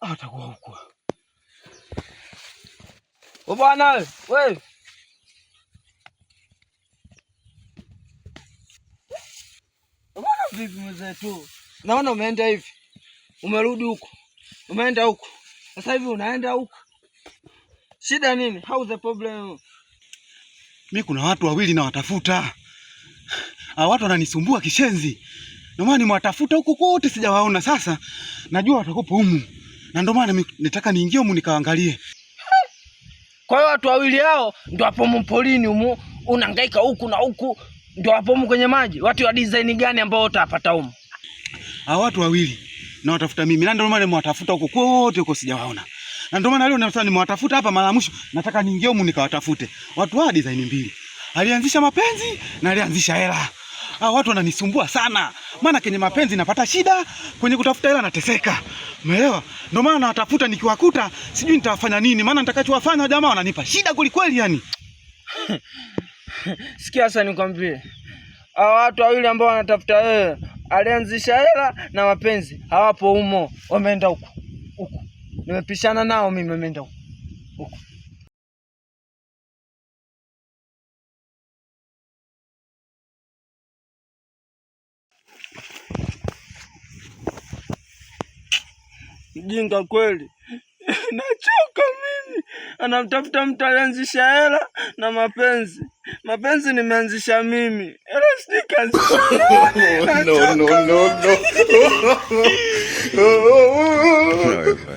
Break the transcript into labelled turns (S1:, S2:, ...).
S1: atakuwa huko oh, bwana. We bwana, vipi mwenzetu? Naona umeenda hivi, umerudi huko, umeenda huko, sasa hivi unaenda huko, shida nini? How the problem?
S2: Mi kuna watu wawili nawatafuta, hawa ah, watu wananisumbua kishenzi, ndio maana nimewatafuta huko kote, sijawaona. Sasa najua watakopo humu na ndio maana nitaka niingie humu nikaangalie.
S1: Kwa hiyo watu wawili hao ndio hapo mpolini humu, unahangaika huku na huku, ndio hapo humu kwenye maji. Watu wa design gani ambao utapata humu?
S2: Hao watu wawili na watafuta mimi, na ndio maana nimewatafuta huko kote huko, sijawaona na ndio maana leo nimesema nimewatafuta hapa mara mwisho, nataka niingie humu nikawatafute watu wa design mbili, alianzisha mapenzi na alianzisha hela. Hao watu wananisumbua sana maana kwenye mapenzi napata shida, kwenye kutafuta hela nateseka, umeelewa? Ndio maana nawatafuta, nikiwakuta sijui nitawafanya nini, maana nitakachowafanya jamaa wananipa shida kwelikweli, yani
S1: sikia sasa, nikwambie hawa watu wawili ambao wanatafuta wewe, alianzisha hela na mapenzi, hawapo humo, wameenda huko huko, nimepishana nao mimi, wameenda huko huko. mjinga kweli. Nachoka mimi, anamtafuta mtu alianzisha hela na mapenzi. Mapenzi nimeanzisha mimi, hela
S2: sijikaanzisha.